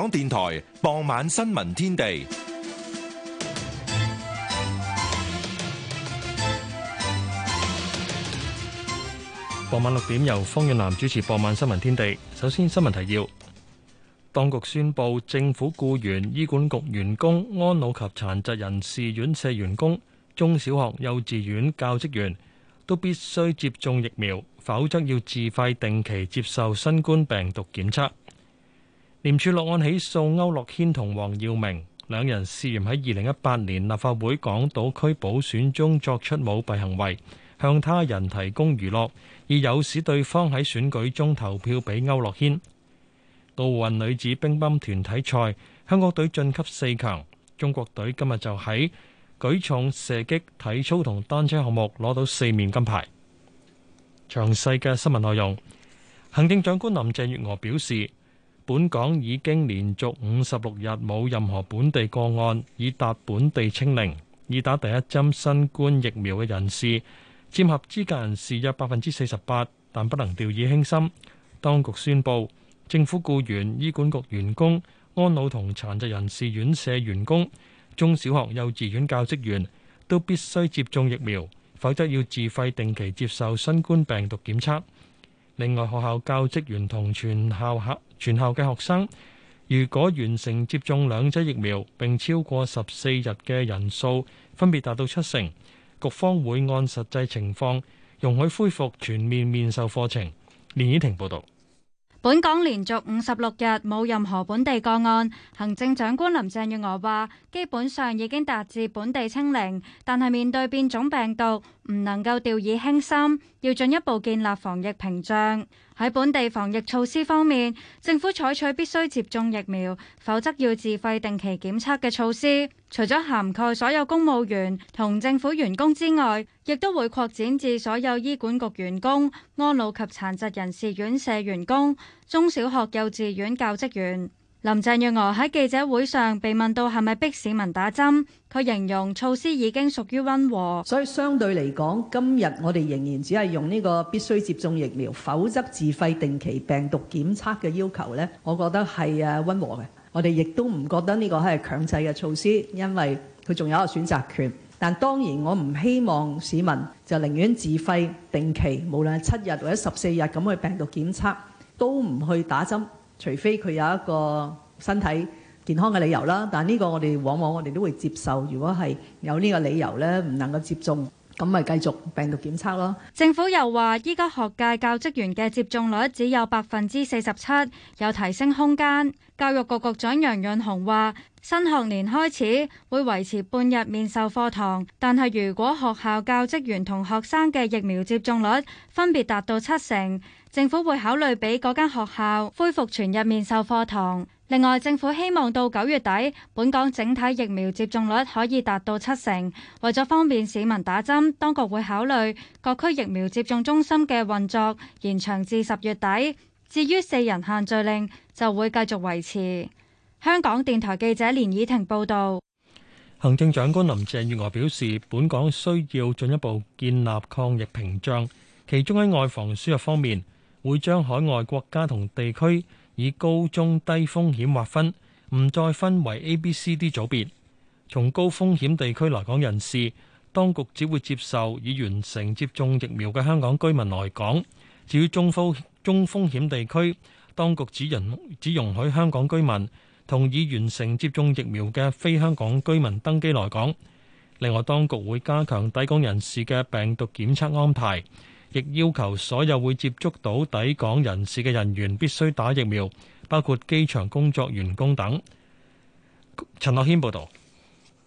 港電台傍晚新聞天地。傍晚六點由方遠南主持傍晚新聞天地。首先新聞提要，當局宣布，政府僱員、醫管局員工、安老及殘疾人士、院舍員工、中小學、幼稚園教職員都必須接種疫苗，否則要自費定期接受新冠病毒檢測。廉署落案起訴區諾軒同黃耀明，兩人涉嫌喺二零一八年立法會港島區補選中作出舞弊行為，向他人提供娛樂，而誘使對方喺選舉中投票俾區諾軒。奧運女子乒乓團體賽，香港隊晉級四強。中國隊今日就喺舉重、射擊、體操同單車項目攞到四面金牌。詳細嘅新聞內容，行政長官林鄭月娥表示，本港已經連續五十六日冇任何本地個案，已達本地清零。已打第一針新冠疫苗嘅人士佔合資格人士約百分之四十八，但不能掉以輕心。當局宣布，政府雇員、醫管局員工、安老同殘疾人士院舍員工、中小學幼稚園教職員都必須接種疫苗，否則要自費定期接受新冠病毒檢測。另外，學校教職員同全校客。全校嘅學生，如果完成接種兩劑疫苗並超過十四日嘅人數分別達到七成，局方會按實際情況容許恢復全面面授課程。連綺婷報道。本港連續五十六日冇任何本地個案，行政長官林鄭月娥話：基本上已經達至本地清零，但係面對變種病毒，唔能夠掉以輕心，要進一步建立防疫屏障。喺本地防疫措施方面，政府採取必須接種疫苗，否則要自費定期檢測嘅措施。除咗涵蓋所有公務員同政府員工之外，亦都會擴展至所有醫管局員工、安老及殘疾人士院舍員工、中小學幼稚園教職員。林鄭月娥喺記者會上被問到係咪逼市民打針，佢形容措施已經屬於溫和。所以相對嚟講，今日我哋仍然只係用呢個必須接種疫苗，否則自費定期病毒檢測嘅要求呢，我覺得係誒溫和嘅。我哋亦都唔覺得呢個係強制嘅措施，因為佢仲有一個選擇權。但當然，我唔希望市民就寧願自費定期，無論係七日或者十四日咁去病毒檢測，都唔去打針。除非佢有一個身體健康嘅理由啦，但呢個我哋往往我哋都會接受。如果係有呢個理由咧，唔能夠接種，咁咪繼續病毒檢測咯。政府又話依家學界教職員嘅接種率只有百分之四十七，有提升空間。教育局局長楊潤雄話新學年開始會維持半日面授課堂，但係如果學校教職員同學生嘅疫苗接種率分別達到七成。政府會考慮俾嗰間學校恢復全日面授課堂。另外，政府希望到九月底，本港整體疫苗接種率可以達到七成。為咗方便市民打針，當局會考慮各區疫苗接種中心嘅運作延長至十月底。至於四人限聚令，就會繼續維持。香港電台記者連以婷報導。行政長官林鄭月娥表示，本港需要進一步建立抗疫屏障，其中喺外防輸入方面。會將海外國家同地區以高、中、低風險劃分，唔再分為 A、B、C、D 組別。從高風險地區來港人士，當局只會接受已完成接種疫苗嘅香港居民來港。至於中風中風險地區，當局只容只容許香港居民同已完成接種疫苗嘅非香港居民登機來港。另外，當局會加強抵港人士嘅病毒檢測安排。亦要求所有會接觸到抵港人士嘅人員必須打疫苗，包括機場工作員工等。陳樂軒報導。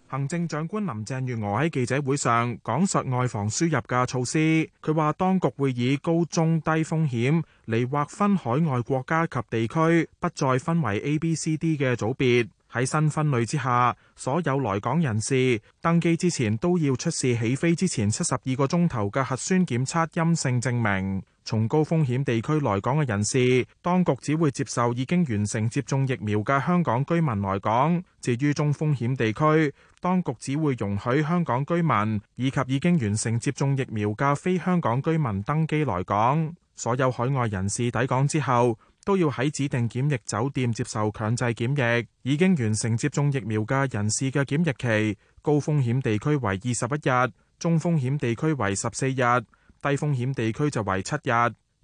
行政長官林鄭月娥喺記者會上講述外防輸入嘅措施。佢話，當局會以高中低風險嚟劃分海外國家及地區，不再分為 A、B、C、D 嘅組別。喺新分類之下，所有來港人士登機之前都要出示起飛之前七十二個鐘頭嘅核酸檢測陰性證明。從高風險地區來港嘅人士，當局只會接受已經完成接種疫苗嘅香港居民來港。至於中風險地區，當局只會容許香港居民以及已經完成接種疫苗嘅非香港居民登機來港。所有海外人士抵港之後，都要喺指定檢疫酒店接受強制檢疫。已經完成接種疫苗嘅人士嘅檢疫期，高風險地區為二十一日，中風險地區為十四日，低風險地區就為七日。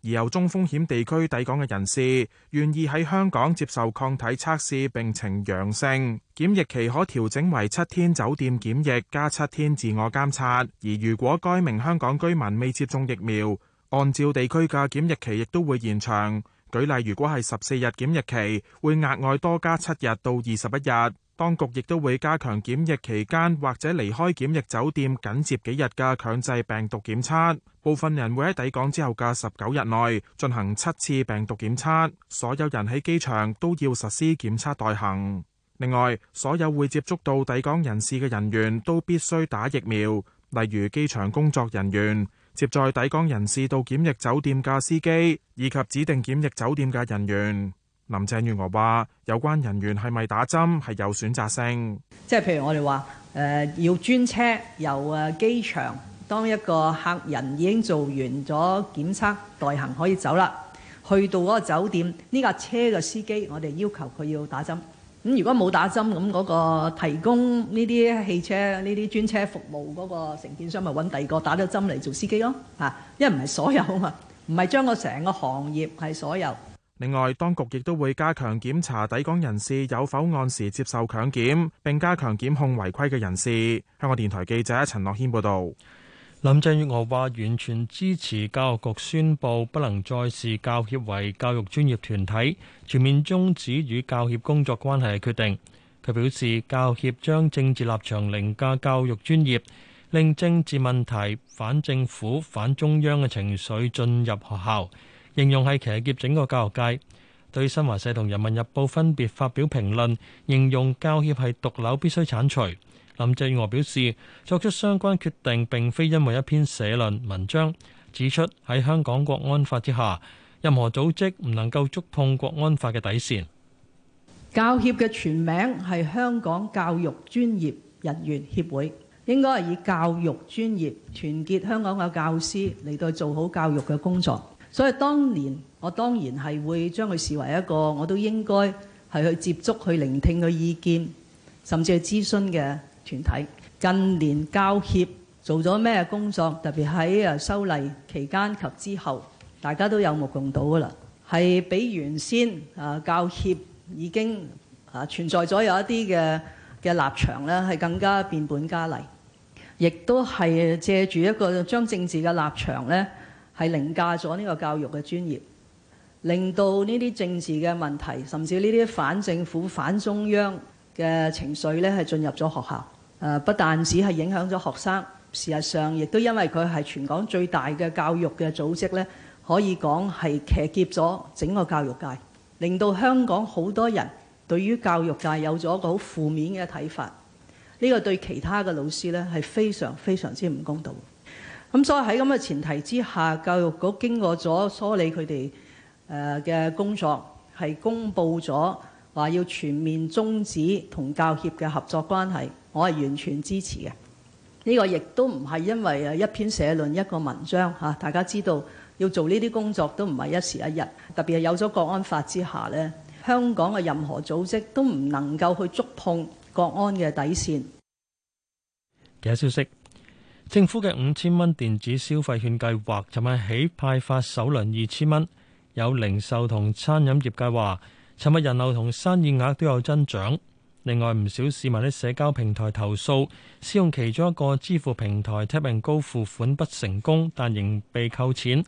而由中風險地區抵港嘅人士，願意喺香港接受抗體測試並呈陽性，檢疫期可調整為七天酒店檢疫加七天自我監察。而如果該名香港居民未接種疫苗，按照地區嘅檢疫期亦都會延長。舉例，如果係十四日檢疫期，會額外多加七日到二十一日。當局亦都會加強檢疫期間或者離開檢疫酒店緊接幾日嘅強制病毒檢測。部分人會喺抵港之後嘅十九日內進行七次病毒檢測。所有人喺機場都要實施檢測待行。另外，所有會接觸到抵港人士嘅人員都必須打疫苗，例如機場工作人員。接載抵港人士到檢疫酒店嘅司機以及指定檢疫酒店嘅人員，林鄭月娥話：有關人員係咪打針係有選擇性，即係譬如我哋話誒要專車由誒機場，當一個客人已經做完咗檢測，待行可以走啦，去到嗰個酒店呢架、這個、車嘅司機，我哋要求佢要打針。咁如果冇打針，咁嗰個提供呢啲汽車、呢啲專車服務嗰個承建商，咪揾第二個打咗針嚟做司機咯嚇。因為唔係所有啊嘛，唔係將個成個行業係所有。另外，當局亦都會加強檢查抵港人士有否按時接受強檢，並加強檢控違規嘅人士。香港電台記者陳樂軒報導。林鄭月娥話：完全支持教育局宣佈不能再視教協為教育專業團體，全面終止與教協工作關係嘅決定。佢表示，教協將政治立場凌駕教育專業，令政治問題、反政府、反中央嘅情緒進入學校，形容係騎劫整個教育界。對新華社同人民日報分別發表評論，形容教協係毒瘤，必須鏟除。林鄭月娥表示，作出相關決定並非因為一篇社論文章指出喺香港國安法之下，任何組織唔能夠觸碰國安法嘅底線。教協嘅全名係香港教育專業人員協會，應該係以教育專業團結香港嘅教師嚟到做好教育嘅工作。所以當年我當然係會將佢視為一個我都應該係去接觸、去聆聽嘅意見，甚至去諮詢嘅。團體近年教協做咗咩工作？特別喺啊修例期間及之後，大家都有目共睹㗎啦。係比原先啊教協已經啊存在咗有一啲嘅嘅立場咧，係更加變本加厲。亦都係借住一個將政治嘅立場咧，係凌駕咗呢個教育嘅專業，令到呢啲政治嘅問題，甚至呢啲反政府、反中央嘅情緒咧，係進入咗學校。誒不但只係影響咗學生，事實上亦都因為佢係全港最大嘅教育嘅組織咧，可以講係騎劫咗整個教育界，令到香港好多人對於教育界有咗一個好負面嘅睇法。呢個對其他嘅老師咧係非常非常之唔公道。咁所以喺咁嘅前提之下，教育局經過咗梳理佢哋誒嘅工作，係公佈咗話要全面終止同教協嘅合作關係。我係完全支持嘅，呢個亦都唔係因為誒一篇社論一個文章嚇。大家知道要做呢啲工作都唔係一時一日，特別係有咗國安法之下咧，香港嘅任何組織都唔能夠去觸碰國安嘅底線。其他消息，政府嘅五千蚊電子消費券計劃，尋日起派發首輪二千蚊，有零售同餐飲業計劃，尋日人流同生意額都有增長。另外，唔少市民喺社交平台投訴，使用其中一個支付平台，Tap and Go 付款不成功，但仍被扣錢。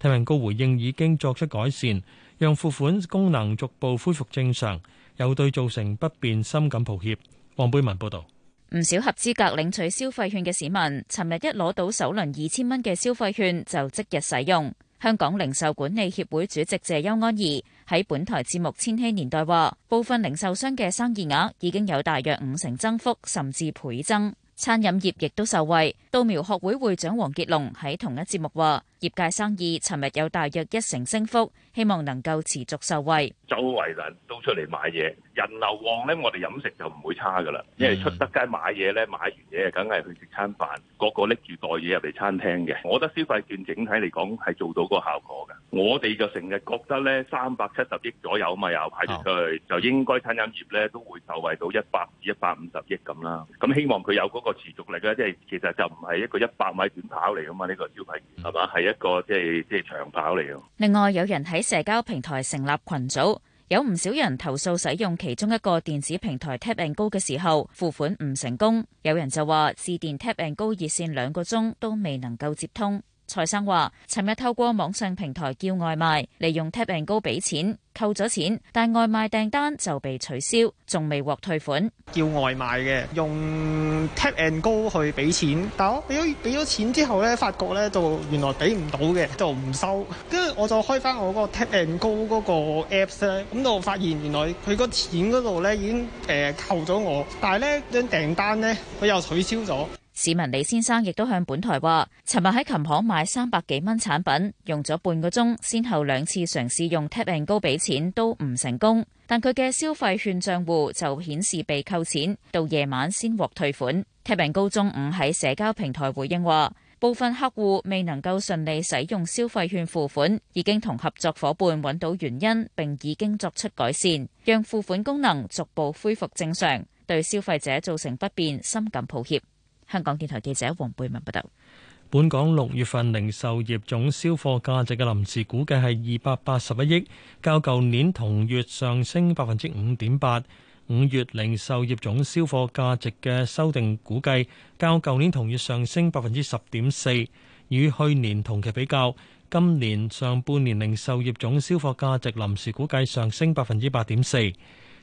Tap and Go 回應已經作出改善，讓付款功能逐步恢復正常，又對造成不便深感抱歉。黃貝文報道，唔少合資格領取消費券嘅市民，尋日一攞到首輪二千蚊嘅消費券，就即日使用。香港零售管理協會主席謝邱安儀喺本台節目《千禧年代》話，部分零售商嘅生意額已經有大約五成增幅，甚至倍增。餐飲業亦都受惠。稻苗學會會長黃傑龍喺同一節目話。業界生意尋日有大約一成升幅，希望能夠持續受惠。周圍人都出嚟買嘢，人流旺咧，我哋飲食就唔會差噶啦。因為出得街買嘢咧，買完嘢梗係去食餐飯，個個拎住袋嘢入嚟餐廳嘅。我覺得消費券整體嚟講係做到個效果嘅。我哋就成日覺得咧，三百七十億左右啊嘛，又派咗出去，oh。就應該餐飲業咧都會受惠到一百至一百五十億咁啦。咁希望佢有嗰個持續力咧，即係其實就唔係一個一百米短跑嚟啊嘛。呢、這個消費券係嘛係。一個即係即係長跑嚟。另外，有人喺社交平台成立群組，有唔少人投訴使用其中一個電子平台 Tap and Go 嘅時候付款唔成功。有人就話致電 Tap and Go 熱線兩個鐘都未能夠接通。蔡生話，尋日透過網上平台叫外賣，利用 Tap and Go 俾錢，扣咗錢，但外賣訂單就被取消，仲未獲退款。叫外賣嘅用 Tap and Go 去俾錢，但我俾咗俾咗錢之後咧，發覺咧就原來俾唔到嘅，就唔收。跟住我就開翻我個 Tap and Go 嗰個 Apps 咧，咁就發現原來佢個錢嗰度咧已經誒、呃、扣咗我，但係咧張訂單咧佢又取消咗。市民李先生亦都向本台話，尋日喺琴行買三百幾蚊產品，用咗半個鐘，先後兩次嘗試用 Tap and Go 俾錢都唔成功，但佢嘅消費券賬戶就顯示被扣錢，到夜晚先獲退款。Tap and Go 中午喺社交平台回應話，部分客戶未能夠順利使用消費券付款，已經同合作夥伴揾到原因，並已經作出改善，讓付款功能逐步恢復正常，對消費者造成不便，深感抱歉。香港電台記者王貝文報道，本港六月份零售業總銷貨價值嘅臨時估計係二百八十一億，較舊年同月上升百分之五點八。五月零售業總銷貨價值嘅修訂估計，較舊年同月上升百分之十點四，與去年同期比較，今年上半年零售業總銷貨價值臨時估計上升百分之八點四。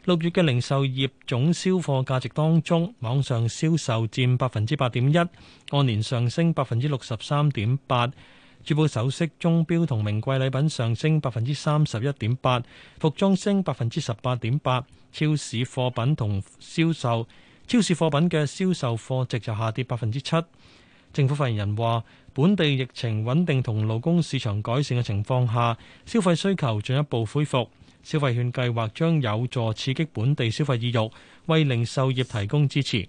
六月嘅零售業總銷貨價值當中，網上銷售佔百分之八點一，按年上升百分之六十三點八。珠寶首飾、鐘錶同名貴禮品上升百分之三十一點八，服裝升百分之十八點八。超市貨品同銷售，超市貨品嘅銷售貨值就下跌百分之七。政府發言人話：本地疫情穩定同勞工市場改善嘅情況下，消費需求進一步恢復。消費券計劃將有助刺激本地消費意欲，為零售業提供支持。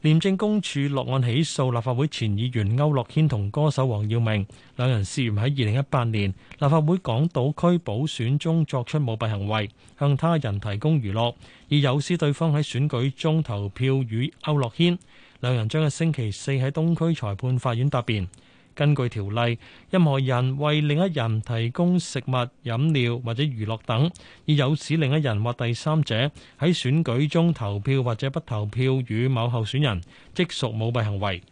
廉政公署落案起訴立法會前議員區諾軒同歌手黃耀明，兩人涉嫌喺二零一八年立法會港島區補選中作出舞弊行為，向他人提供娛樂，以誘使對方喺選舉中投票予區諾軒。兩人將喺星期四喺東區裁判法院答辯。根據條例，任何人為另一人提供食物、飲料或者娛樂等，以誘使另一人或第三者喺選舉中投票或者不投票與某候選人，即屬舞弊行為。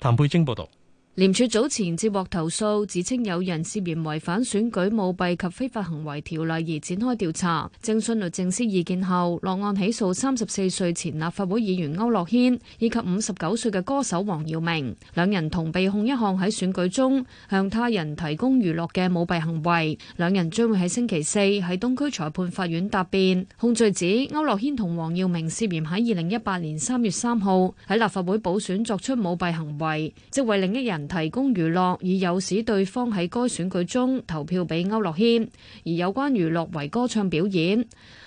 譚佩晶報道。廉署早前接獲投訴，指稱有人涉嫌違反選舉舞弊及非法行為條例，而展開調查。徵詢律政司意見後，落案起訴三十四歲前立法會議員區諾軒以及五十九歲嘅歌手黃耀明，兩人同被控一項喺選舉中向他人提供娛樂嘅舞弊行為。兩人將會喺星期四喺東區裁判法院答辯。控罪指區諾軒同黃耀明涉嫌喺二零一八年三月三號喺立法會補選作出舞弊行為，即為另一人。提供娛樂，以誘使對方喺該選舉中投票俾歐樂軒，而有關娛樂為歌唱表演。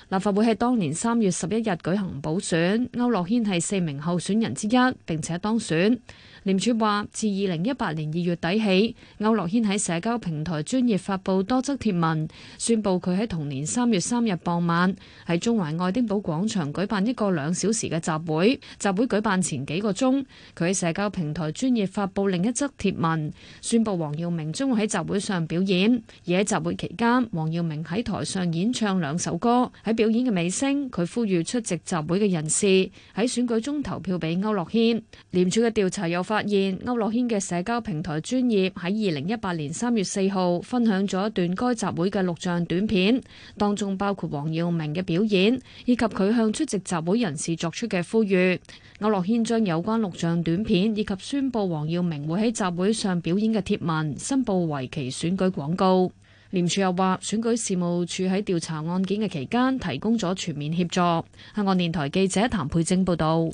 立法會喺當年三月十一日舉行補選，歐樂軒係四名候選人之一，並且當選。廉署話：自二零一八年二月底起，區諾軒喺社交平台專頁發布多則貼文，宣佈佢喺同年三月三日傍晚喺中環愛丁堡廣場舉辦一個兩小時嘅集會。集會舉辦前幾個鐘，佢喺社交平台專頁發布另一則貼文，宣佈黃耀明將會喺集會上表演。而喺集會期間，黃耀明喺台上演唱兩首歌。喺表演嘅尾聲，佢呼籲出席集會嘅人士喺選舉中投票俾區諾軒。廉署嘅調查又發。發現歐樂軒嘅社交平台專頁喺二零一八年三月四號分享咗一段該集會嘅錄像短片，當中包括黃耀明嘅表演以及佢向出席集會人士作出嘅呼籲。歐樂軒將有關錄像短片以及宣布黃耀明會喺集會上表演嘅貼文申報為其選舉廣告。廉署又話，選舉事務處喺調查案件嘅期間提供咗全面協助。香港電台記者譚佩晶報道。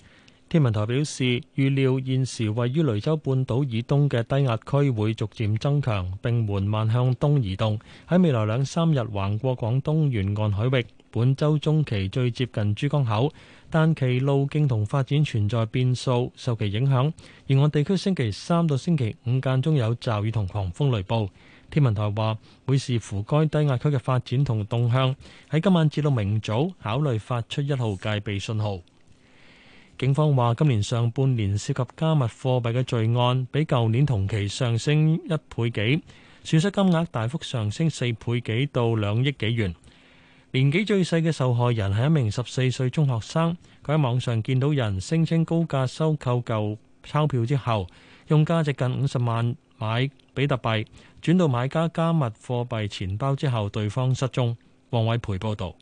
天文台表示，預料現時位於雷州半島以東嘅低壓區會逐漸增強並緩慢向東移動，喺未來兩三日橫過廣東沿岸海域。本週中期最接近珠江口，但其路徑同發展存在變數，受其影響，沿岸地區星期三到星期五間中有驟雨同狂風雷暴。天文台話，會視乎該低壓區嘅發展同動向，喺今晚至到明早考慮發出一號戒備信號。警方話，今年上半年涉及加密貨幣嘅罪案比舊年同期上升一倍幾，損失金額大幅上升四倍幾到兩億幾元。年紀最細嘅受害人係一名十四歲中學生，佢喺網上見到人聲稱高價收購舊鈔票之後，用價值近五十萬買比特幣，轉到買家加密貨幣錢包之後，對方失蹤。黃偉培報導。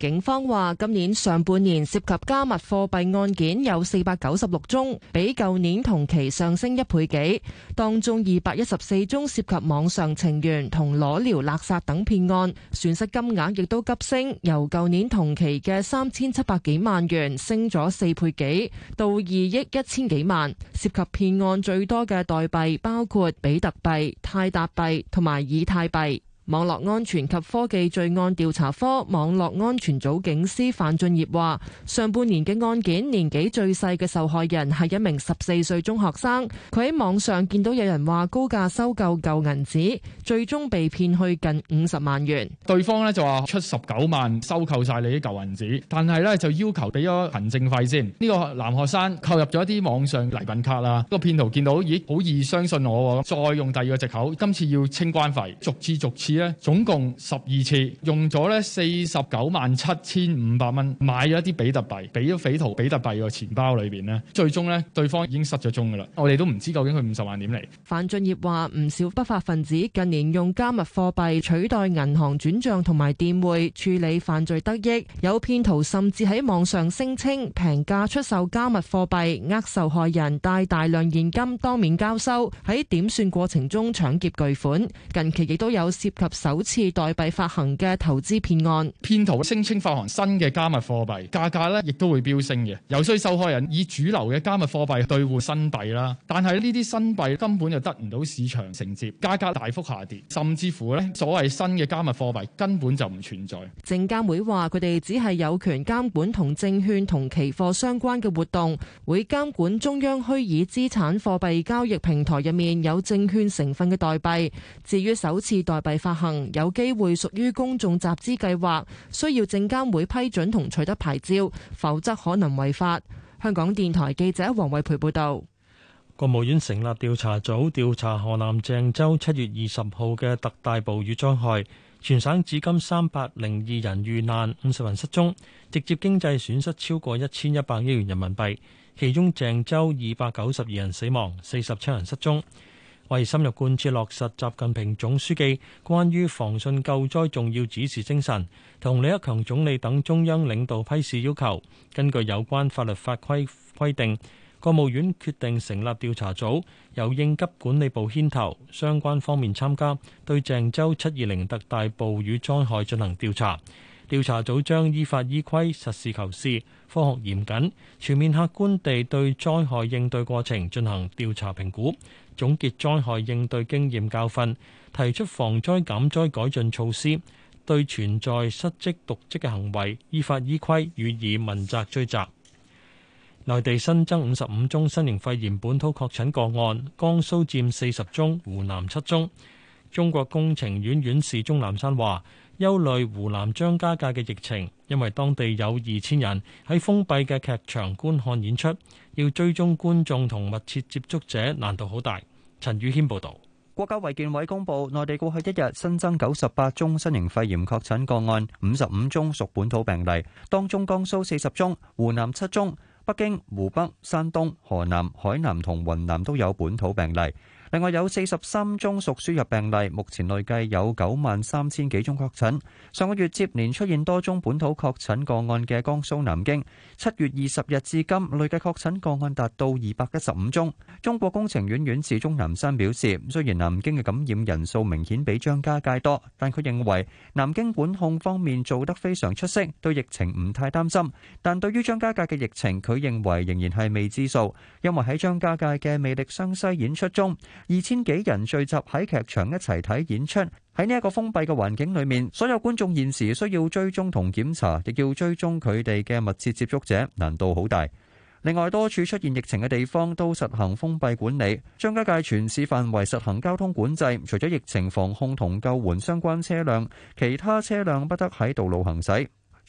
警方話，今年上半年涉及加密貨幣案件有四百九十六宗，比舊年同期上升一倍幾。當中二百一十四宗涉及網上情緣同裸聊勒索等騙案，損失金額亦都急升，由舊年同期嘅三千七百幾萬元升咗四倍幾到二億一千幾萬。涉及騙案最多嘅代幣包括比特幣、泰達幣同埋以太幣。網絡安全及科技罪案調查科網絡安全組警司范俊業話，上半年嘅案件年紀最細嘅受害人係一名十四歲中學生，佢喺網上見到有人話高價收購舊銀紙，最終被騙去近五十萬元。對方咧就話出十九萬收購晒你啲舊銀紙，但係咧就要求俾咗行政費先。呢個男學生購入咗一啲網上禮品卡啦，個騙徒見到咦好易相信我再用第二個借口，今次要清關費，逐次逐次。咧總共十二次，用咗咧四十九萬七千五百蚊，買咗一啲比特幣，俾咗匪徒比特幣個錢包裏邊咧。最終咧，對方已經失咗蹤噶啦，我哋都唔知究竟佢五十萬點嚟。范俊業話：唔少不法分子近年用加密貨幣取代銀行轉賬同埋電匯處理犯罪得益，有騙徒甚至喺網上聲稱平價出售加密貨幣，呃受害人帶大量現金當面交收，喺點算過程中搶劫巨款。近期亦都有涉及。首次代幣發行嘅投資騙案，騙徒聲稱發行新嘅加密貨幣，價格呢亦都會飆升嘅。有啲受害人以主流嘅加密貨幣兌換新幣啦，但係呢啲新幣根本就得唔到市場承接，價格大幅下跌，甚至乎呢所謂新嘅加密貨幣根本就唔存在。證監會話佢哋只係有權監管同證券同期貨相關嘅活動，會監管中央虛擬資產貨幣交易平台入面有證券成分嘅代幣。至於首次代幣發行有機會屬於公眾集資計劃，需要證監會批准同取得牌照，否則可能違法。香港電台記者黃慧培報道。國務院成立調查組調查河南鄭州七月二十號嘅特大暴雨災害，全省至今三百零二人遇難，五十人失蹤，直接經濟損失超過一千一百億元人民幣，其中鄭州二百九十二人死亡，四十七人失蹤。為深入貫徹落實習近平總書記關於防汛救災重要指示精神，同李克強總理等中央領導批示要求，根據有關法律法規規定，國務院決定成立調查組，由應急管理部牽頭，相關方面參加，對鄭州720特大暴雨災害進行調查。調查組將依法依規、實事求是、科學嚴謹、全面客觀地對災害應對過程進行調查評估。總結災害應對經驗教訓，提出防災減災改進措施，對存在失職瀆職嘅行為，依法依規予以問責追責。內地新增五十五宗新型肺炎本土確診個案，江蘇佔四十宗，湖南七宗。中國工程院院士鍾南山話，憂慮湖南張家界嘅疫情，因為當地有二千人喺封閉嘅劇場觀看演出，要追蹤觀眾同密切接觸者難度好大。陳宇謙報道，國家衛健委公布，內地過去一日新增九十八宗新型肺炎確診個案，五十五宗屬本土病例，當中江蘇四十宗，湖南七宗，北京、湖北、山東、河南、海南同雲南都有本土病例。另外有四十三宗屬輸入病例，目前累計有九萬三千幾宗確診。上個月接連出現多宗本土確診個案嘅江蘇南京，七月二十日至今累計確診個案達到二百一十五宗。中國工程院院士鐘南山表示，雖然南京嘅感染人數明顯比張家界多，但佢認為南京管控方面做得非常出色，對疫情唔太擔心。但對於張家界嘅疫情，佢認為仍然係未知數，因為喺張家界嘅魅力湘西演出中。二千幾人聚集喺劇場一齊睇演出，喺呢一個封閉嘅環境裏面，所有觀眾現時需要追蹤同檢查，亦要追蹤佢哋嘅密切接觸者，難度好大。另外，多處出現疫情嘅地方都實行封閉管理，張家界全市範圍實行交通管制，除咗疫情防控同救援相關車輛，其他車輛不得喺道路行駛。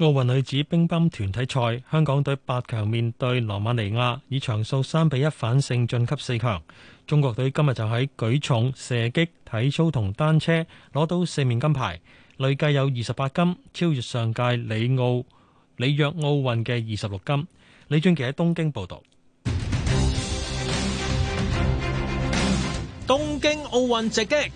奧運女子乒乓團體賽，香港隊八強面對羅馬尼亞，以場數三比一反勝晉級四強。中國隊今日就喺舉重、射擊、體操同單車攞到四面金牌，累計有二十八金，超越上屆里奧里約奧運嘅二十六金。李俊杰喺東京報道。東京奧運直擊。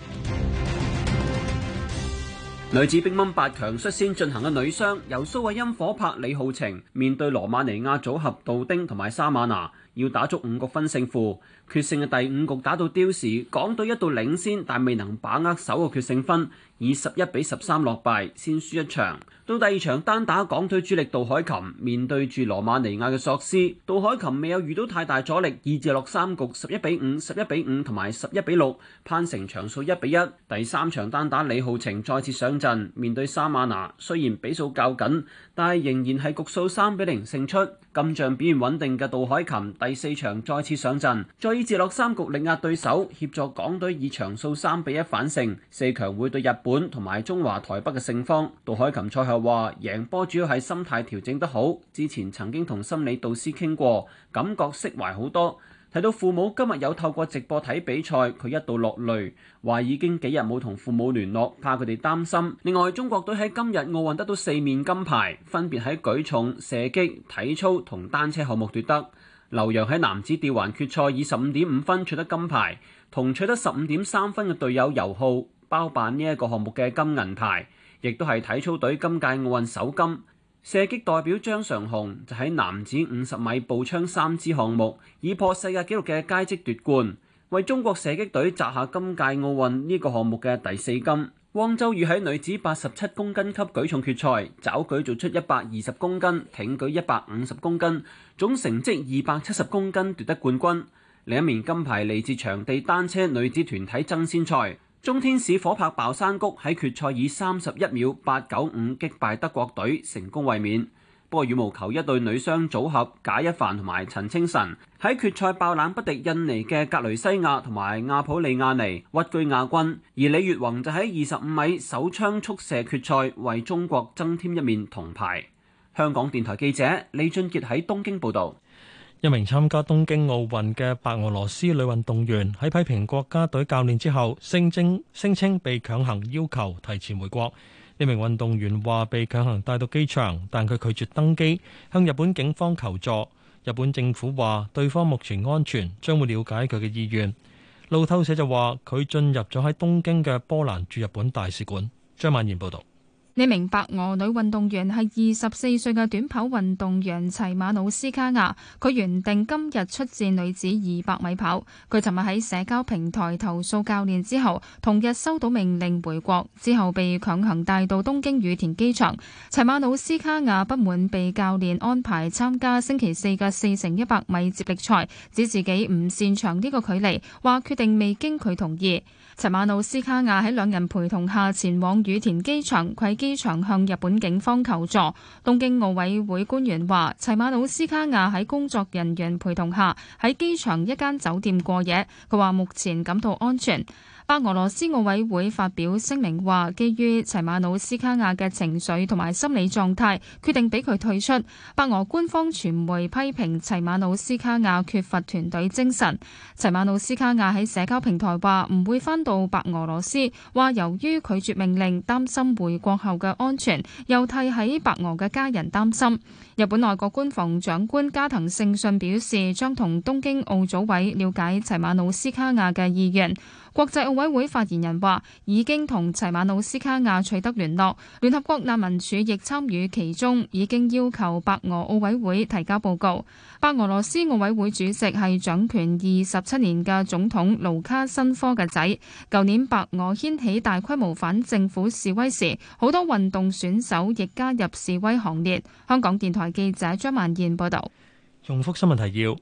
女子乒乓八強率先進行嘅女雙由蘇慧欣火拍李浩晴，面對羅馬尼亞組合杜丁同埋沙馬娜，要打足五個分勝負。決勝嘅第五局打到刁時，港隊一度領先，但未能把握首個決勝分，以十一比十三落敗，先輸一場。到第二場單打，港隊主力杜凱琹面對住羅馬尼亞嘅索斯，杜凱琹未有遇到太大阻力，二至落三局，十一比五、十一比五同埋十一比六，攀成場數一比一。第三場單打李皓晴再次上陣，面對沙馬拿，雖然比數較緊，但係仍然係局數三比零勝出。今仗表現穩定嘅杜凱琹，第四場再次上陣，自落三局力壓對手，協助港隊以場數三比一反勝，四強會對日本同埋中華台北嘅勝方。杜海琴賽後話：贏波主要係心態調整得好，之前曾經同心理導師傾過，感覺釋懷好多。睇到父母今日有透過直播睇比賽，佢一度落淚，話已經幾日冇同父母聯絡，怕佢哋擔心。另外，中國隊喺今日奧運得到四面金牌，分別喺舉重、射擊、體操同單車項目奪得。劉洋喺男子吊環決賽以十五點五分取得金牌，同取得十五點三分嘅隊友尤浩包辦呢一個項目嘅金銀牌，亦都係體操隊今屆奧運首金。射擊代表張常鴻就喺男子五十米步槍三姿項目以破世界紀錄嘅佳績奪冠，為中國射擊隊摘下今屆奧運呢個項目嘅第四金。汪周雨喺女子八十七公斤級舉重決賽，抓舉做出一百二十公斤，挺舉一百五十公斤，總成績二百七十公斤奪得冠軍。另一面金牌嚟自場地單車女子團體爭先賽，鍾天使火拍鮑珊菊喺決賽以三十一秒八九五擊敗德國隊，成功衛冕。個羽毛球一對女雙組合賈一凡同埋陳清晨喺決賽爆冷不敵印尼嘅格雷西亞同埋亞普利亞尼，屈居亞軍。而李越宏就喺二十五米手槍速射決賽為中國增添一面銅牌。香港電台記者李俊傑喺東京報道：一名參加東京奧運嘅白俄羅斯女運動員喺批評國家隊教練之後，聲稱聲稱被強行要求提前回國。呢名運動員話被強行帶到機場，但佢拒絕登機，向日本警方求助。日本政府話對方目前安全，將會了解佢嘅意願。路透社就話佢進入咗喺東京嘅波蘭駐日本大使館。張萬言報道。你明白，俄女運動員係二十四歲嘅短跑運動員齊馬努斯卡亞，佢原定今日出戰女子二百米跑。佢尋日喺社交平台投訴教練之後，同日收到命令回國，之後被強行帶到東京羽田機場。齊馬努斯卡亞不滿被教練安排參加星期四嘅四乘一百米接力賽，指自己唔擅長呢個距離，話決定未經佢同意。齊馬努斯卡亞喺兩人陪同下前往羽田機場，喺機場向日本警方求助。東京奧委會官員話，齊馬努斯卡亞喺工作人員陪同下喺機場一間酒店過夜，佢話目前感到安全。白俄羅斯奧委會發表聲明話，基於齊馬努斯卡亞嘅情緒同埋心理狀態，決定俾佢退出。白俄官方傳媒批評齊馬努斯卡亞缺乏團隊精神。齊馬努斯卡亞喺社交平台話唔會返到白俄羅斯，話由於拒絕命令，擔心回國後嘅安全，又替喺白俄嘅家人擔心。日本內閣官房長官加藤勝信表示，將同東京奧組委了解齊馬努斯卡亞嘅意願。國際奧委會發言人話，已經同齊馬努斯卡亞取得聯絡，聯合國難民署亦參與其中，已經要求白俄奧委會提交報告。白俄羅斯奧委會主席係掌權二十七年嘅總統盧卡申科嘅仔。舊年白俄掀起大規模反政府示威時，好多運動選手亦加入示威行列。香港電台記者張萬燕報道。重複新聞提要：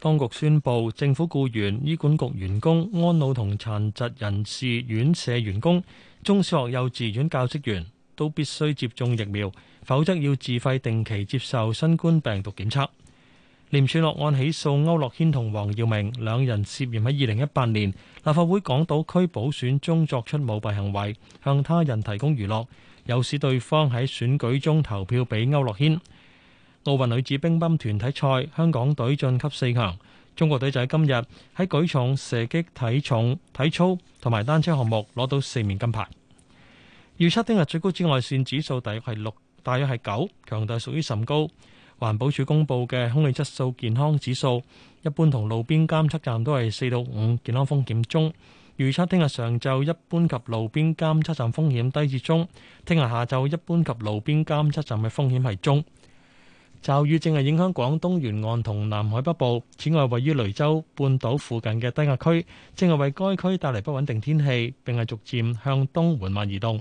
當局宣佈，政府僱員、醫管局員工、安老同殘疾人士院舍員工、中小學幼稚園教職員都必須接種疫苗，否則要自費定期接受新冠病毒檢測。廉署落案起訴歐諾軒同黃耀明，兩人涉嫌喺二零一八年立法會港島區補選中作出舞弊行為，向他人提供娛樂，誘使對方喺選舉中投票俾歐諾軒。奧運女子乒乓團體賽，香港隊晉級四強。中國隊就喺今日喺舉重、射擊、體重、體操同埋單車項目攞到四面金牌。預測聽日最高紫外線指數大約係六，大約係九，強度屬於甚高。環保署公佈嘅空氣質素健康指數，一般同路邊監測站都係四到五，健康風險中。預測聽日上晝一般及路邊監測站風險低至中，聽日下晝一般及路邊監測站嘅風險係中。驟雨正係影響廣東沿岸同南海北部，此外位於雷州半島附近嘅低壓區，正係為該區帶嚟不穩定天氣，並係逐漸向東緩慢移動。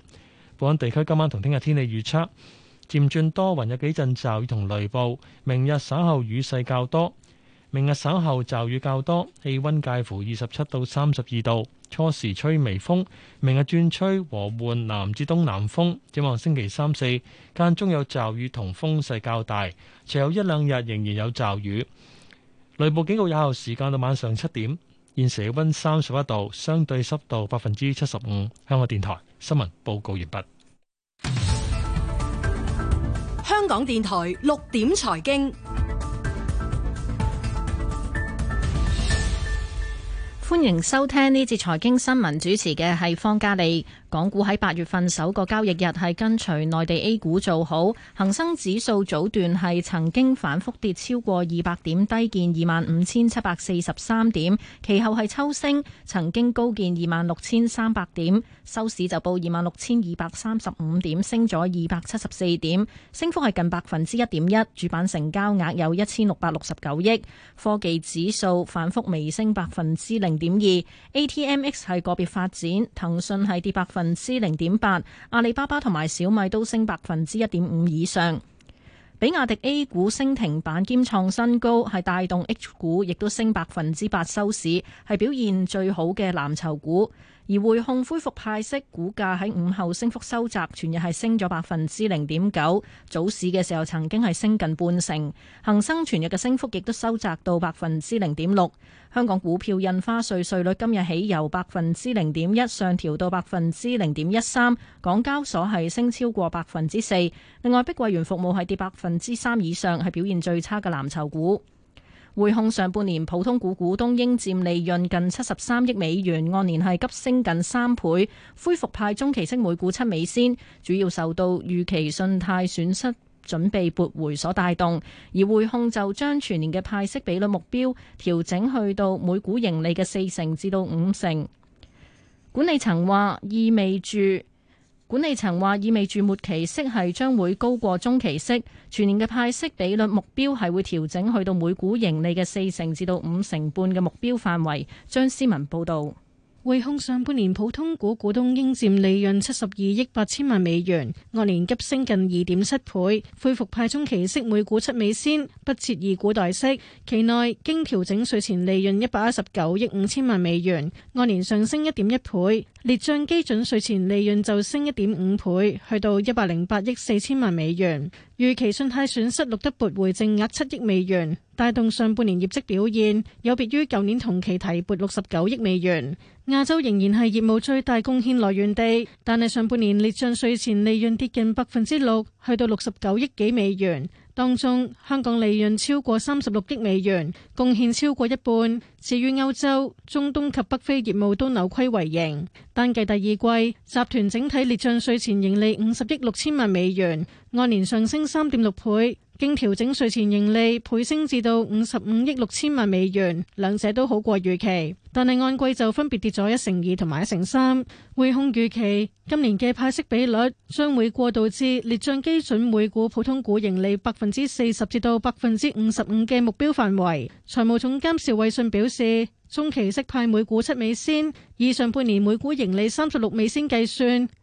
本港地區今晚同聽日天氣預測。漸轉多雲，有幾陣驟雨同雷暴。明日稍後雨勢較多，明日稍後驟雨較多，氣溫介乎二十七到三十二度，初時吹微風，明日轉吹和緩南至東南風。展望星期三四間中有驟雨同風勢較大，隨後一兩日仍然有驟雨。雷暴警告有效時間到晚上七點。現時氣溫三十一度，相對濕度百分之七十五。香港電台新聞報告完畢。香港電台六點財經，歡迎收聽呢節財經新聞，主持嘅係方嘉利。港股喺八月份首個交易日係跟隨內地 A 股做好，恒生指數早段係曾經反覆跌超過二百點，低見二萬五千七百四十三點，其後係抽升，曾經高見二萬六千三百點，收市就報二萬六千二百三十五點，升咗二百七十四點，升幅係近百分之一點一，主板成交額有一千六百六十九億，科技指數反覆微升百分之零點二，ATMX 係個別發展，騰訊係跌百。分之零點八，阿里巴巴同埋小米都升百分之一點五以上，比亞迪 A 股升停板兼創新高，係帶動 H 股亦都升百分之八收市，係表現最好嘅藍籌股。而匯控恢復派息，股價喺午後升幅收窄，全日係升咗百分之零點九。早市嘅時候曾經係升近半成，恒生全日嘅升幅亦都收窄到百分之零點六。香港股票印花稅稅率今日起由百分之零點一上調到百分之零點一三。港交所係升超過百分之四，另外碧桂園服務係跌百分之三以上，係表現最差嘅藍籌股。匯控上半年普通股股東應佔利潤近七十三億美元，按年係急升近三倍。恢復派中期息每股七美仙，主要受到預期信貸損失準備撥回所帶動。而匯控就將全年嘅派息比率目標調整去到每股盈利嘅四成至到五成。管理層話意味住。管理層話意味住末期息係將會高過中期息，全年嘅派息比率目標係會調整去到每股盈利嘅四成至到五成半嘅目標範圍。張思文報道，匯控上半年普通股股東應佔利潤七十二億八千萬美元，按年急升近二點七倍，恢復派中期息每股七美仙，不設以股代息。期內經調整稅前利潤一百一十九億五千萬美元，按年上升一點一倍。列賬基準稅前利潤就升一點五倍，去到一百零八億四千萬美元。預期信貸損失錄得撥回淨額七億美元，帶動上半年業績表現，有別於舊年同期提撥六十九億美元。亞洲仍然係業務最大貢獻來源地，但係上半年列賬稅前利潤跌近百分之六，去到六十九億幾美元。當中，香港利潤超過三十六億美元，貢獻超過一半。至於歐洲、中東及北非業務都扭虧為盈。單計第二季，集團整體列賬稅前盈利五十億六千萬美元，按年上升三點六倍。經調整稅前盈利倍升至到五十五億六千萬美元，兩者都好過預期，但係按季就分別跌咗一成二同埋一成三。匯控預期今年嘅派息比率將會過渡至列賬基準每股普通股盈利百分之四十至到百分之五十五嘅目標範圍。財務總監邵偉信表示，中期息派每股七美仙，以上半年每股盈利三十六美仙計算。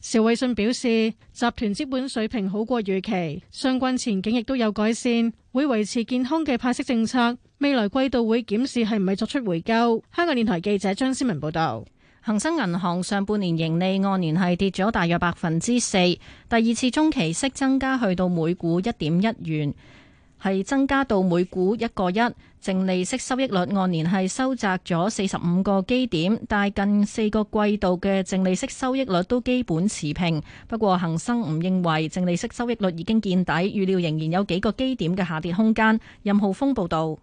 邵偉信表示，集團資本水平好過預期，相關前景亦都有改善，會維持健康嘅派息政策。未來季度會檢視係唔係作出回購。香港電台記者張思文報道，恒生銀行上半年盈利按年係跌咗大約百分之四，第二次中期息增加去到每股一點一元，係增加到每股一個一。淨利息收益率按年係收窄咗四十五個基點，但近四個季度嘅淨利息收益率都基本持平。不過恒生唔認為淨利息收益率已經見底，預料仍然有幾個基點嘅下跌空間。任浩峰報道。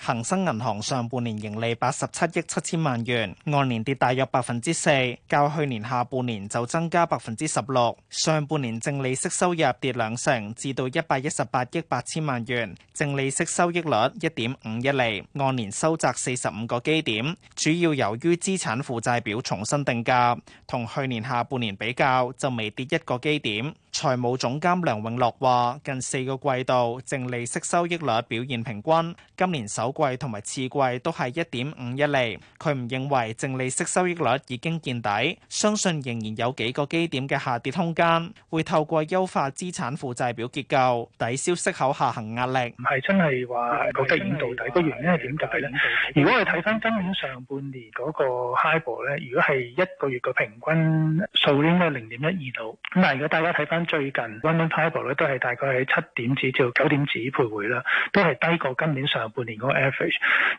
恒生銀行上半年盈利八十七億七千萬元，按年跌大約百分之四，較去年下半年就增加百分之十六。上半年淨利息收入跌兩成，至到一百一十八億八千萬元，淨利息收益率一點五一厘，按年收窄四十五個基點，主要由於資產負債表重新定價，同去年下半年比較就未跌一個基點。財務總監梁永樂話：近四個季度淨利息收益率表現平均，今年首首季同埋次季都係一點五一厘，佢唔認為淨利息收益率已經見底，相信仍然有幾個基點嘅下跌空間，會透過優化資產負債表結構，抵消息口下行壓力。唔係真係話覺得點到底個原因係點解咧？如果我哋睇翻今年上半年嗰個 HIBOR 咧，如果係一個月嘅平均數應該零點一二度，咁但係如果大家睇翻最近 one month HIBOR 咧，都係大概喺七點至到九點至徘徊啦，都係低過今年上半年嗰個。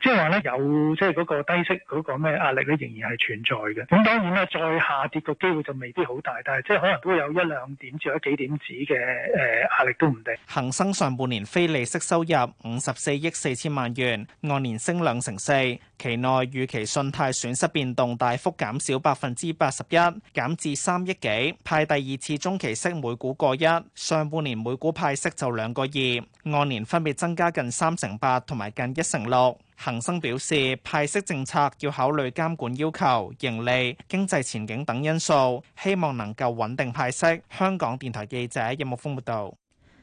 即係話咧，有即係嗰個低息嗰個咩壓力咧，仍然係存在嘅。咁當然啦，再下跌個機會就未必好大，但係即係可能都有一兩點至一幾點止嘅誒壓力都唔定。恒生上半年非利息收入五十四億四千萬元，按年升兩成四。期內預期信貸損失變動大幅減少百分之八十一，減至三億幾。派第二次中期息每股個一，上半年每股派息就兩個二，按年分別增加近三成八同埋近一。承諾，恒生表示派息政策要考慮監管要求、盈利、經濟前景等因素，希望能夠穩定派息。香港電台記者任木峰報道。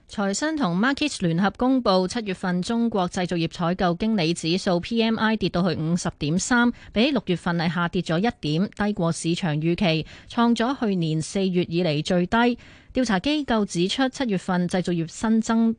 財新同 Markets 聯合公布，七月份中國製造業採購經理指數 PMI 跌到去五十點三，比六月份係下跌咗一點，低過市場預期，創咗去年四月以嚟最低。調查機構指出，七月份製造業新增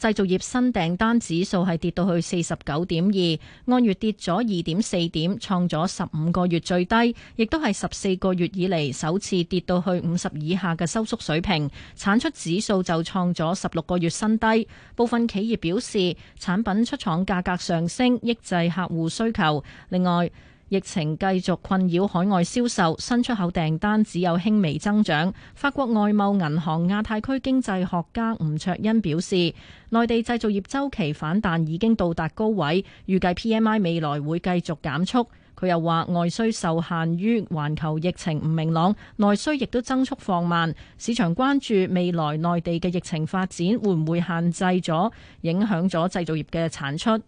製造業新訂單指數係跌到去四十九點二，按月跌咗二點四點，創咗十五個月最低，亦都係十四個月以嚟首次跌到去五十以下嘅收縮水平。產出指數就創咗十六個月新低。部分企業表示，產品出廠價格上升，抑制客戶需求。另外，疫情繼續困擾海外銷售，新出口訂單只有輕微增長。法國外貿銀行亞太區經濟學家吳卓恩表示，內地製造業週期反彈已經到達高位，預計 PMI 未來會繼續減速。佢又話，外需受限於環球疫情唔明朗，內需亦都增速放慢。市場關注未來內地嘅疫情發展會唔會限制咗，影響咗製造業嘅產出。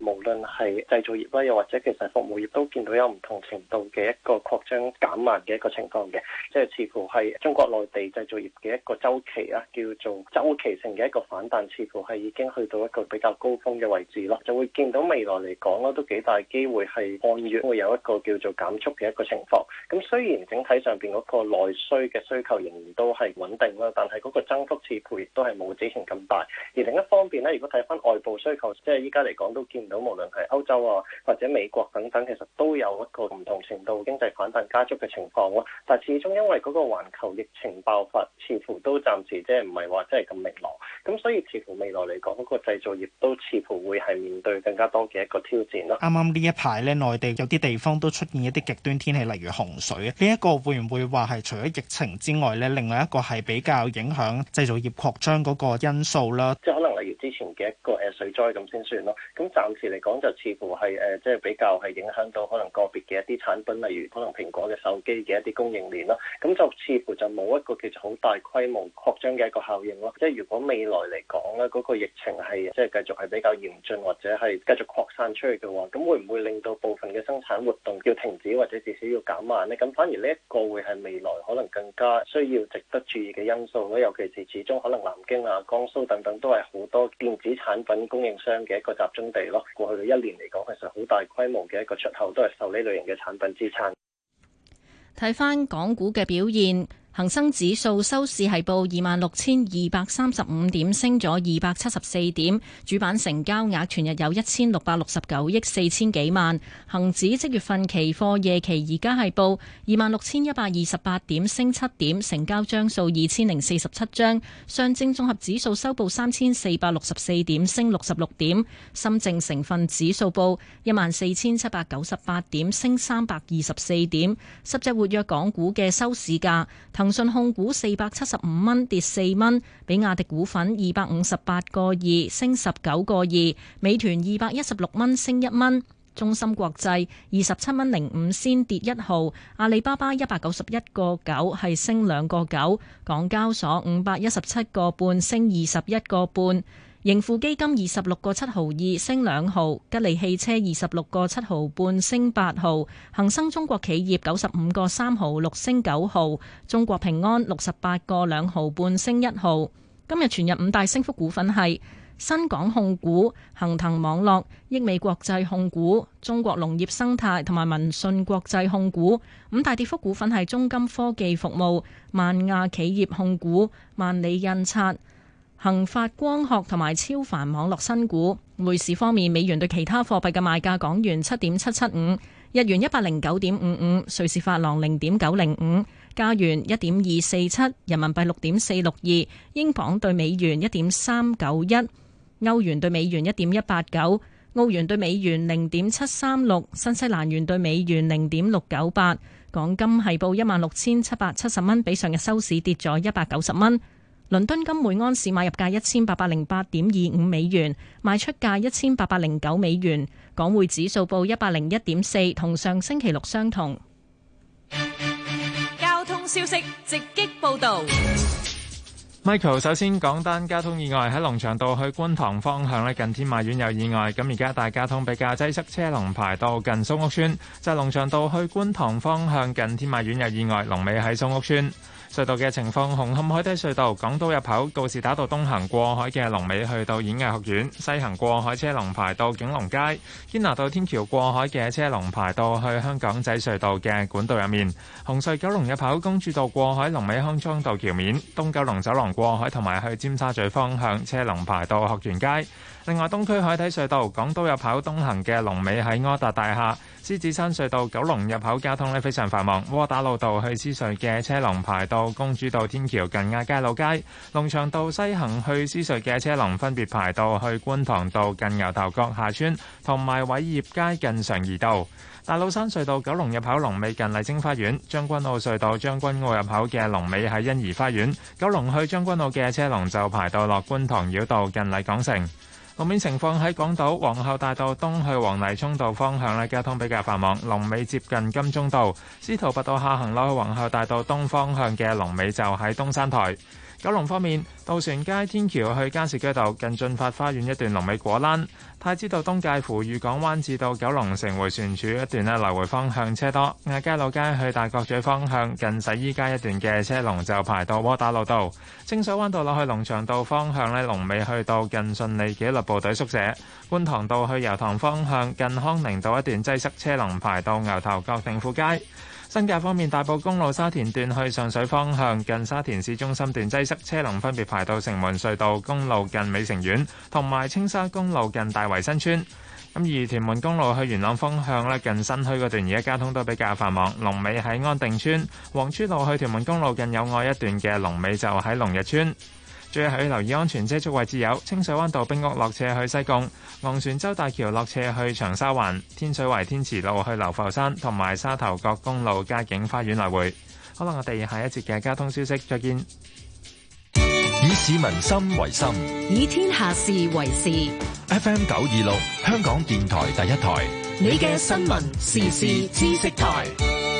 無論係製造業啦，又或者其實服務業都見到有唔同程度嘅一個擴張減慢嘅一個情況嘅，即係似乎係中國內地製造業嘅一個周期啊，叫做周期性嘅一個反彈，似乎係已經去到一個比較高峰嘅位置啦。就會見到未來嚟講啦，都幾大機會係按月會有一個叫做減速嘅一個情況。咁雖然整體上邊嗰個內需嘅需求仍然都係穩定啦，但係嗰個增幅似乎亦都係冇之前咁大。而另一方面咧，如果睇返外部需求，即係依家嚟講都見到無論係歐洲啊，或者美國等等，其實都有一個唔同程度經濟反彈加速嘅情況咯。但係始終因為嗰個環球疫情爆發，似乎都暫時即係唔係話即係咁明朗。咁所以似乎未來嚟講，嗰個製造業都似乎會係面對更加多嘅一個挑戰啦。啱啱呢一排咧，內地有啲地方都出現一啲極端天氣，例如洪水，呢一個會唔會話係除咗疫情之外咧，另外一個係比較影響製造業擴張嗰個因素啦？即係可能例如之前嘅一個誒水災咁先算咯。咁暫。時嚟講就似乎係誒，即係比較係影響到可能個別嘅一啲產品，例如可能蘋果嘅手機嘅一啲供應鏈咯。咁就似乎就冇一個叫做好大規模擴張嘅一個效應咯。即係如果未來嚟講咧，嗰個疫情係即係繼續係比較嚴峻，或者係繼續擴散出去嘅話，咁會唔會令到部分嘅生產活動要停止或者至少要減慢咧？咁反而呢一個會係未來可能更加需要值得注意嘅因素咯。尤其是始終可能南京啊、江蘇等等都係好多電子產品供應商嘅一個集中地咯。過去一年嚟講，其實好大規模嘅一個出口都係受呢類型嘅產品支撐。睇翻港股嘅表現。恒生指數收市係報二萬六千二百三十五點，升咗二百七十四點。主板成交額全日有一千六百六十九億四千幾萬。恒指即月份期貨夜期而家係報二萬六千一百二十八點，升七點，成交張數二千零四十七張。上證綜合指數收報三千四百六十四點，升六十六點。深證成分指數報一萬四千七百九十八點，升三百二十四點。十隻活躍港股嘅收市價。騰訊控股四百七十五蚊跌四蚊，比亞迪股份二百五十八個二升十九個二，美團二百一十六蚊升一蚊，中芯國際二十七蚊零五先跌一號，阿里巴巴一百九十一個九係升兩個九，港交所五百一十七個半升二十一個半。盈富基金二十六個七毫二升兩毫，吉利汽車二十六個七毫半升八毫，恒生中國企業九十五個三毫六升九毫，中國平安六十八個兩毫半升一毫。今日全日五大升幅股份係新港控股、恒騰網絡、益美國際控股、中國農業生態同埋民信國際控股。五大跌幅股份係中金科技服務、萬亞企業控股、萬里印刷。恒發光學同埋超凡網絡新股。匯市方面，美元對其他貨幣嘅賣價：港元七點七七五，日元一百零九點五五，瑞士法郎零點九零五，加元一點二四七，人民幣六點四六二，英鎊兌美元一點三九一，歐元兌美元一點一八九，澳元兌美元零點七三六，新西蘭元兌美元零點六九八。港金係報一萬六千七百七十蚊，比上日收市跌咗一百九十蚊。倫敦金每安士買入價一千八百零八點二五美元，賣出價一千八百零九美元。港匯指數報一百零一點四，同上星期六相同。交通消息直擊報道。Michael 首先講單交通意外喺龍翔道去觀塘方向咧，近天馬苑有意外。咁而家大交通比較擠塞，車龍排到近蘇屋邨。就係龍翔道去觀塘方向近天馬苑有意外，龍尾喺蘇屋邨。隧道嘅情況：紅磡海底隧道港島入口，告士打道東行過海嘅龍尾去到演藝學院，西行過海車龍排到景隆街、堅拿道天橋過海嘅車龍排到去香港仔隧道嘅管道入面。紅隧九龍入口，公主道過海龍尾康莊道橋面，東九龍走廊過海同埋去尖沙咀方向車龍排到鶴園街。另外，東區海底隧道港島入口東行嘅龍尾喺柯達大廈；獅子山隧道九龍入口交通咧非常繁忙，窩打老道去獅隧嘅車龍排到公主道天橋近亞皆老街；龍翔道西行去獅隧嘅車龍分別排到去觀塘道近牛頭角下村，同埋偉業街近常怡道；大老山隧道九龍入口龍尾近麗晶花園；將軍澳隧道將軍澳入口嘅龍尾喺欣怡花園；九龍去將軍澳嘅車龍就排到落觀塘繞道近麗港城。路面情況喺港島皇后大道東去黃泥涌道方向呢，交通比較繁忙。龍尾接近金鐘道、司徒拔道下行落去皇后大道東方向嘅龍尾就喺東山台。九龍方面，渡船街天橋去加士居道近駿發花園一段，龍尾果欄。太子道東介乎裕港灣至到九龍城迴旋處一段呢，來回方向車多。亞皆老街，街去大角咀方向近洗衣街一段嘅車龍就排到窩打老道。清水灣道落去龍翔道方向呢，龍尾去到近順利紀律。部隊宿舍、觀塘道去油塘方向、近康寧道一段擠塞，車龍排到牛頭角定富街。新界方面，大埔公路沙田段去上水方向、近沙田市中心段擠塞，車龍分別排到城門隧道公路近美城苑，同埋青沙公路近大圍新村。咁而屯門公路去元朗方向咧，近新墟嗰段而家交通都比較繁忙，龍尾喺安定村。黃村路去屯門公路近友愛一段嘅龍尾就喺龍日村。最後要留意安全車速位置，有清水灣道、冰屋落斜去西貢、昂船洲大橋落斜去長沙灣、天水圍天慈路去流浮山，同埋沙頭角公路嘉景花園來回。好啦，我哋下一節嘅交通消息，再見。以市民心為心，以天下事為事。F M 九二六，香港電台第一台，你嘅新聞時事知識台。